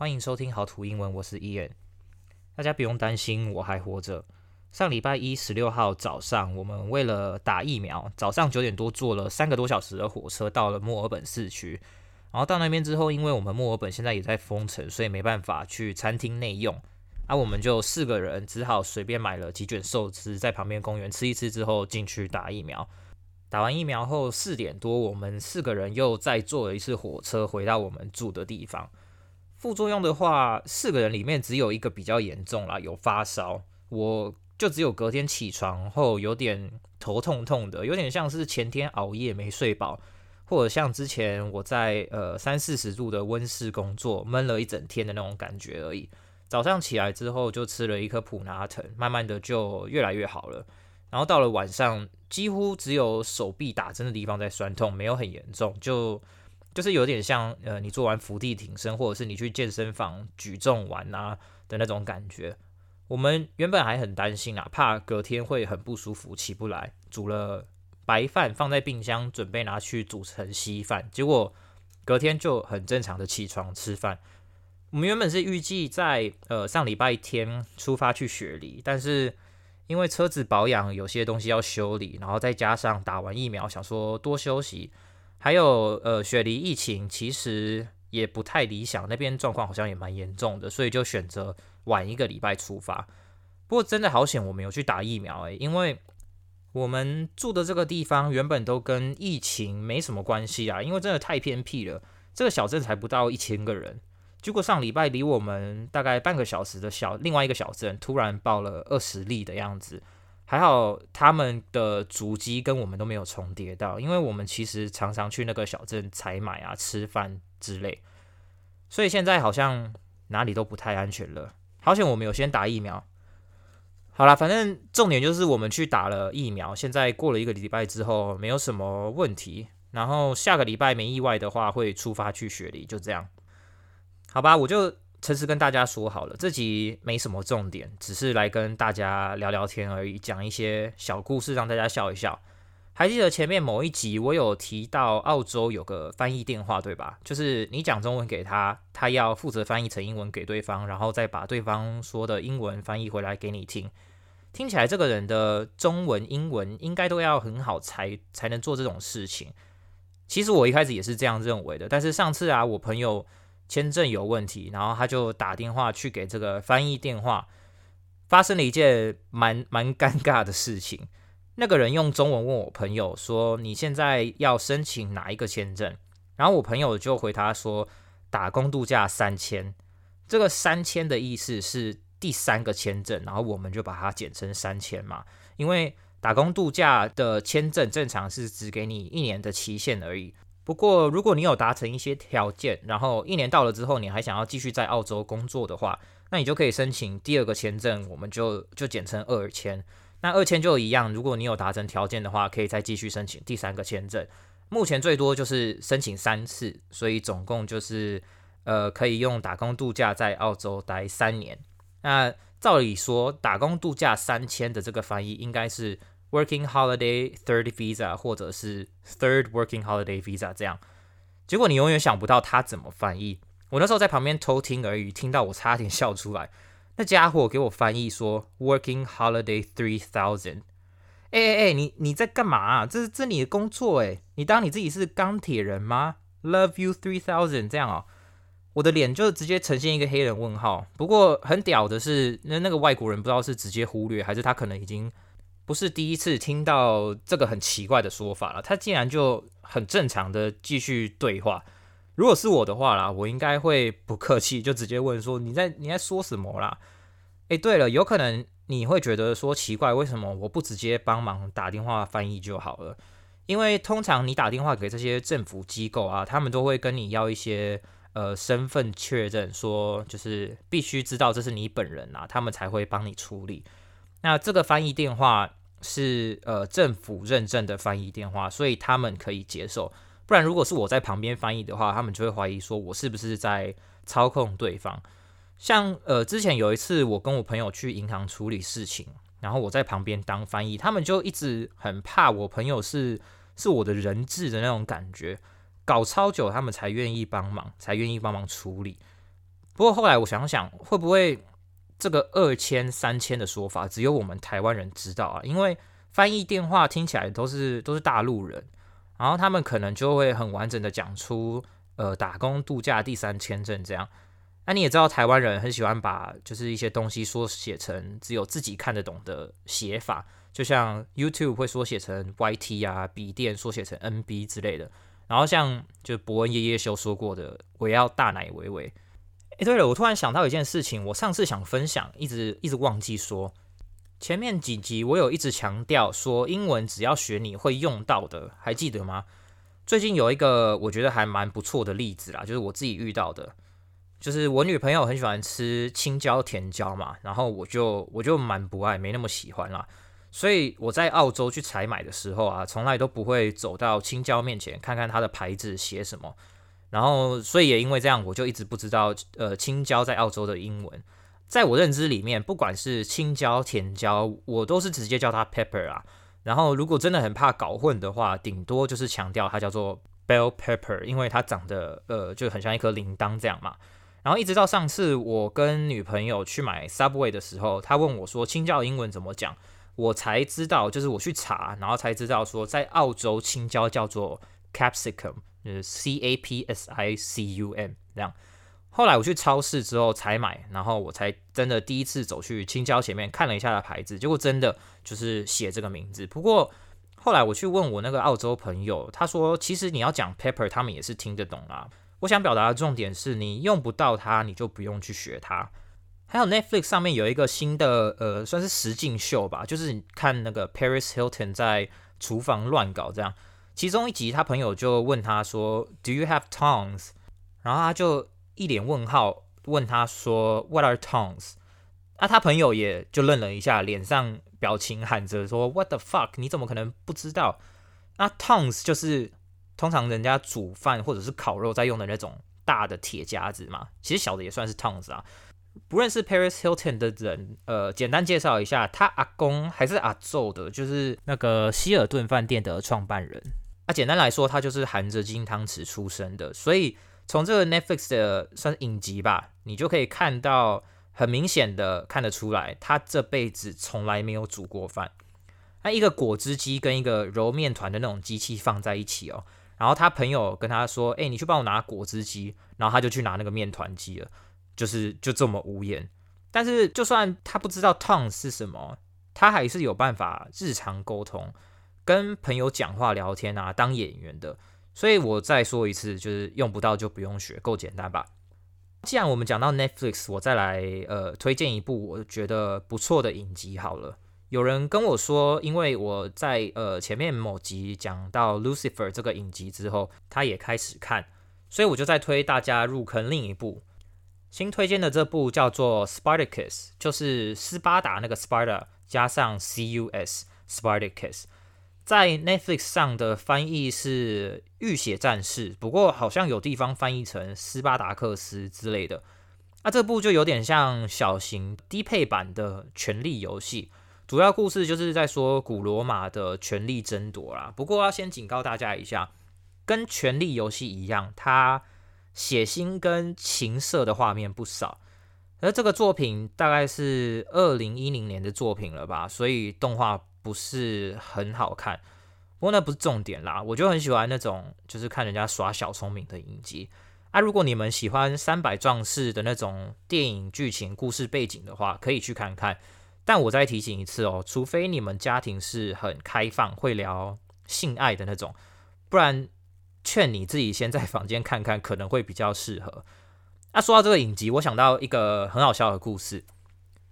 歡迎收聽好圖英文，我是 Ian。大家不用擔心，我還活着。上禮拜一十六號早上，我們為了打疫苗，早上九點多坐了三個多小時的火車到了墨爾本市區。然後到那邊之後，因為我們墨爾本現在也在封城，所以沒辦法去餐廳內用。啊，我們就四個人只好隨便買了幾卷壽司，在旁邊公園吃一吃之後，進去打疫苗。打完疫苗後四點多，我們四個人又再坐了一次火車回到我們住的地方。副作用的話，四個人裡面只有一個比較嚴重啦，有發燒，我就只有隔天起床後有點頭痛痛的，有點像是前天熬夜沒睡飽，或者像之前我在呃三四十度的溫室工作悶了一整天的那種感覺而已。早上起來之後就吃了一顆普拿疼，慢慢的就越來越好了。然後到了晚上，幾乎只有手臂打針的地方在痠痛，沒有很嚴重，就。就是有點像，呃，你做完伏地挺身，或者是你去健身房舉重完啊的那種感覺。我們原本還很擔心啊，怕隔天會很不舒服，起不來。煮了白飯放在冰箱，準備拿去煮成稀飯。結果隔天就很正常的起床吃飯。我們原本是預計在呃上禮拜天出發去雪梨，但是因為車子保養有些東西要修理，然後再加上打完疫苗，想說多休息。還有呃，雪梨疫情其實也不太理想，那邊狀況好像也蠻嚴重的，所以就選擇晚一個禮拜出發。不過真的好險，我沒有去打疫苗誒，因為我們住的這個地方原本都跟疫情沒什麼關係啊，因為真的太偏僻了，這個小鎮才不到一千個人。結果上禮拜離我們大概半個小時的小，另外一個小鎮突然爆了二十例的樣子。還好他們的足跡跟我們都沒有重疊到，因為我們其實常常去那個小鎮採買啊、吃飯之類，所以現在好像哪裡都不太安全了。好險我們有先打疫苗。好啦，反正重點就是我們去打了疫苗，現在過了一個禮拜之後沒有什麼問題，然後下個禮拜沒意外的話會出發去雪梨，就這樣。好吧，我就。誠實跟大家說好了，這集沒什麼重點，只是來跟大家聊聊天而已，講一些小故事讓大家笑一笑。還記得前面某一集我有提到澳洲有個翻譯電話，對吧？就是你講中文給他，他要負責翻譯成英文給對方，然後再把對方說的英文翻譯回來給你聽。聽起來這個人的中文、英文應該都要很好才才能做這種事情。其實我一開始也是這樣認為的，但是上次啊，我朋友。簽證有問題，然後他就打電話去給這個翻譯電話，發生了一件蠻蠻尷尬的事情。那個人用中文問我朋友說：“你現在要申請哪一個簽證？”然後我朋友就回他說：“打工度假三簽。”這個三簽的意思是第三個簽證，然後我們就把它簡稱三簽嘛，因為打工度假的簽證正常是只給你一年的期限而已。不過，如果你有達成一些條件，然後一年到了之後，你還想要繼續在澳洲工作的話，那你就可以申請第二個簽證，我們就就簡稱二簽。那二簽就一樣，如果你有達成條件的話，可以再繼續申請第三個簽證。目前最多就是申請三次，所以總共就是呃可以用打工度假在澳洲待三年。那照理說，打工度假三簽的這個翻譯應該是。Working holiday third visa，或者是 third working holiday visa 這樣，結果你永遠想不到他怎麼翻譯。我那時候在旁邊偷聽而已，聽到我差點笑出來。那家伙給我翻譯說：“Working holiday three thousand。”誒誒誒，你你在幹嘛啊？這是你的工作誒，你當你自己是鋼鐵人嗎？Love you three thousand 這樣哦，我的臉就直接呈現一個黑人問號。不過很屌的是，那那個外國人不知道是直接忽略，還是他可能已經。不是第一次聽到這個很奇怪的說法了，他竟然就很正常的繼續對話。如果是我的話啦，我應該會不客氣，就直接問說你在你在說什麼啦？誒，對了，有可能你會覺得說奇怪，為什麼我不直接幫忙打電話翻譯就好了？因為通常你打電話給這些政府機構啊，他們都會跟你要一些呃身份確認，說就是必須知道這是你本人啊，他們才會幫你處理。那這個翻譯電話，是呃政府認證的翻譯電話，所以他們可以接受。不然如果是我在旁邊翻譯的話，他們就會懷疑說我是不是在操控對方。像呃之前有一次我跟我朋友去銀行處理事情，然後我在旁邊當翻譯，他們就一直很怕我朋友是是我的人質的那種感覺，搞超久他們才願意幫忙，才願意幫忙處理。不過後來我想想，會不會？這個二千三千的說法，只有我們台灣人知道啊，因為翻譯電話聽起來都是都是大陸人，然後他們可能就會很完整的講出，呃，打工度假第三簽證這樣。那你也知道，台灣人很喜歡把就是一些東西縮寫成只有自己看得懂的寫法，就像 YouTube 會縮寫成 YT 啊，筆電縮寫成 NB 之類的。然後像就博恩夜夜秀說過的，我也要大奶維維。欸、對了，我突然想到一件事情，我上次想分享，一直一直忘記說。前面幾集我有一直強調說，英文只要學你會用到的，還記得嗎？最近有一個我覺得還蠻不錯的例子啦，就是我自己遇到的，就是我女朋友很喜歡吃青椒甜椒嘛，然後我就我就蠻不愛，沒那麼喜歡啦。所以我在澳洲去採買的時候啊，從來都不會走到青椒面前看看它的牌子寫什麼。然後，所以也因為這樣，我就一直不知道，呃，青椒在澳洲的英文。在我認知裡面，不管是青椒、甜椒，我都是直接叫它 pepper 啊。然後，如果真的很怕搞混的話，頂多就是強調它叫做 bell pepper，因為它長得，呃，就很像一顆鈴鐺這樣嘛。然後，一直到上次我跟女朋友去買 Subway 的時候，她問我說青椒的英文怎麼講，我才知道，就是我去查，然後才知道說在澳洲青椒叫做 capsicum。呃，capsicum 這樣。後來我去超市之後才買，然後我才真的第一次走去青椒前面看了一下它的牌子，結果真的就是寫這個名字。不過後來我去問我那個澳洲朋友，他說其實你要講 pepper，他們也是聽得懂啦、啊。我想表達的重點是你用不到它，你就不用去學它。還有 Netflix 上面有一個新的呃，算是實境秀吧，就是你看那個 Paris Hilton 在廚房亂搞這樣。其中一集，他朋友就問他說：“Do you have tongs？” 然後他就一臉問號問他說：“What are tongs？” 那、啊、他朋友也就愣了一下，臉上表情喊着說：“What the fuck？你怎麼可能不知道？那 tongs 就是通常人家煮飯或者是烤肉在用的那種大的鐵夾子嘛。其實小的也算是 tongs 啊。不認識 Paris Hilton 的人，呃，簡單介紹一下，他阿公還是阿祖的，就是那個希爾頓飯店的創辦人。那簡單來說，他就是含着金湯匙出生的，所以從這個 Netflix 的算是影集吧，你就可以看到很明顯的看得出來，他這輩子從來沒有煮過飯。那一個果汁機跟一個揉麵團的那種機器放在一起哦，然後他朋友跟他說：“哎、欸，你去幫我拿果汁機。”然後他就去拿那個麵團機了，就是就這麼無言。但是就算他不知道湯是什麼，他還是有辦法日常溝通。跟朋友講話聊天啊，當演員的，所以我再說一次，就是用不到就不用學，夠簡單吧？既然我們講到 Netflix，我再來呃推薦一部我覺得不錯的影集好了。有人跟我說，因為我在呃前面某集講到 Lucifer 這個影集之後，他也開始看，所以我就再推大家入坑另一部新推薦的這部叫做 Spartacus，就是斯巴達那個 Sparta 加上 C U S Spartacus。在 Netflix 上的翻譯是《浴血戰士》，不過好像有地方翻譯成《斯巴達克斯》之類的。那、啊、這部就有點像小型低配版的《權力遊戲》，主要故事就是在說古羅馬的權力爭奪啦。不過要先警告大家一下，跟《權力遊戲》一樣，它血腥跟情色的畫面不少。而這個作品大概是二零一零年的作品了吧，所以動畫。不是很好看，不過那不是重點啦。我就很喜歡那種，就是看人家耍小聰明的影集啊。如果你們喜歡《三百壯士》的那種電影劇情、故事背景的話，可以去看看。但我再提醒一次哦，除非你們家庭是很開放、會聊性愛的那種，不然勸你自己先在房間看看，可能會比較適合。那，啊，說到這個影集，我想到一個很好笑的故事。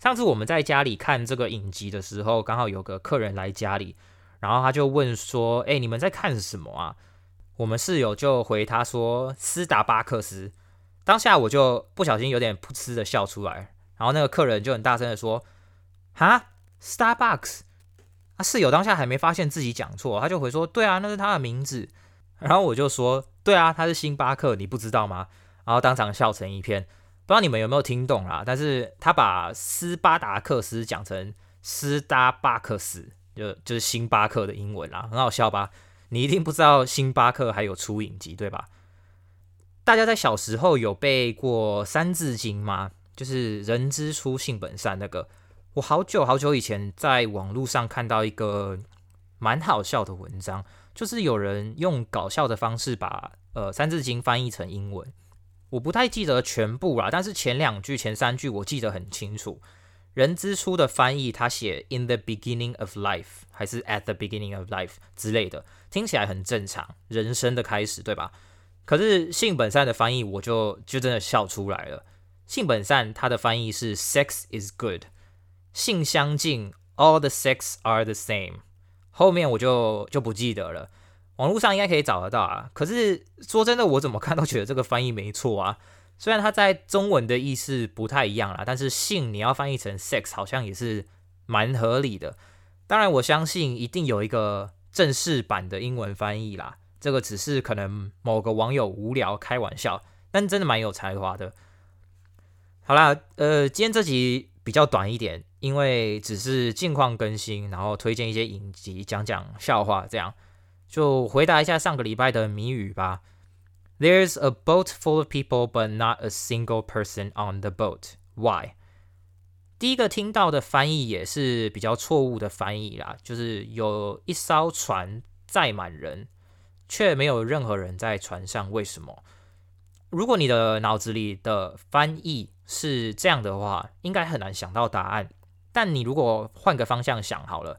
上次我們在家裡看這個影集的時候，剛好有個客人來家裡，然後他就問說：“哎、欸，你們在看什麼啊？”我們室友就回他說：“斯達巴克斯。”當下我就不小心有點噗嗤的笑出來，然後那個客人就很大聲的說：“哈，Starbucks？” 啊，室友當下還沒發現自己講錯，他就回說：“對啊，那是他的名字。”然後我就說：“對啊，他是星巴克，你不知道嗎？”然後當場笑成一片。不知道你們有沒有聽懂啦？但是他把斯巴達克斯講成斯達巴克斯，就就是星巴克的英文啦，很好笑吧？你一定不知道星巴克還有出影集對吧？大家在小時候有背過《三字經》嗎？就是“人之初，性本善”那個。我好久好久以前在網路上看到一個蠻好笑的文章，就是有人用搞笑的方式把呃《三字經》翻譯成英文。我不太記得全部啦、啊，但是前兩句，前三句我記得很清楚。人之初的翻譯，它寫 in the beginning of life，還是 at the beginning of life 之類的，聽起來很正常，人生的開始，對吧？可是性本善的翻譯，我就就真的笑出來了。性本善，他的翻譯是 sex is good，性相近，all the sex are the same。後面我就就不記得了。網絡上應該可以找得到啊，可是說真的，我怎麼看都覺得這個翻譯沒錯啊。雖然它在中文的意思不太一樣啦，但是性你要翻譯成 sex，好像也是蠻合理的。當然，我相信一定有一個正式版的英文翻譯啦，這個只是可能某個網友無聊開玩笑，但真的蠻有才華的。好啦，呃，今天這集比較短一點，因為只是近況更新，然後推薦一些影集，講講笑話這樣。就回答一下上個禮拜的謎語吧。There's a boat full of people, but not a single person on the boat. Why？第一個聽到的翻譯也是比較錯誤的翻譯啦，就是有一艘船載滿人，卻沒有任何人在船上，為什麼？如果你的腦子裡的翻譯是這樣的話，應該很難想到答案。但你如果換個方向想好了。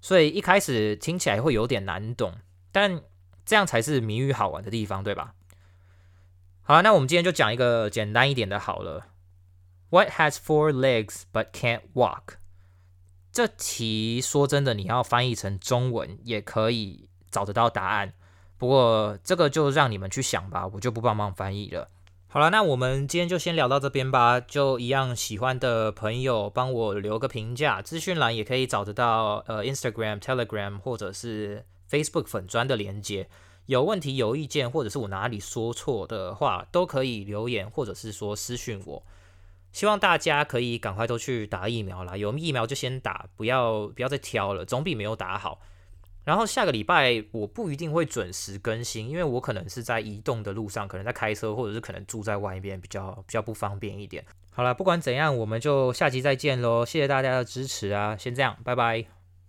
所以一開始聽起來會有點難懂，但這樣才是謎語好玩的地方，對吧？好，那我們今天就講一個簡單一點的好了。What has four legs but can't walk？這題說真的，你要翻譯成中文也可以找得到答案，不過這個就讓你們去想吧，我就不幫忙翻譯了。好了，那我們今天就先聊到這邊吧。就一樣喜歡的朋友，幫我留個評價。資訊欄也可以找得到，呃，Instagram、Telegram 或者是 Facebook 粉專的鏈接。有問題、有意見，或者是我哪裡說錯的話，都可以留言或者是說私訊我。希望大家可以趕快都去打疫苗啦，有疫苗就先打，不要不要再挑了，總比沒有打好。然後下個禮拜我不一定會準時更新，因為我可能是在移動的路上，可能在開車，或者是可能住在外面，比較比較不方便一點。好啦，不管怎樣，我們就下期再見嘍，謝謝大家的支持啊，先這樣，拜拜。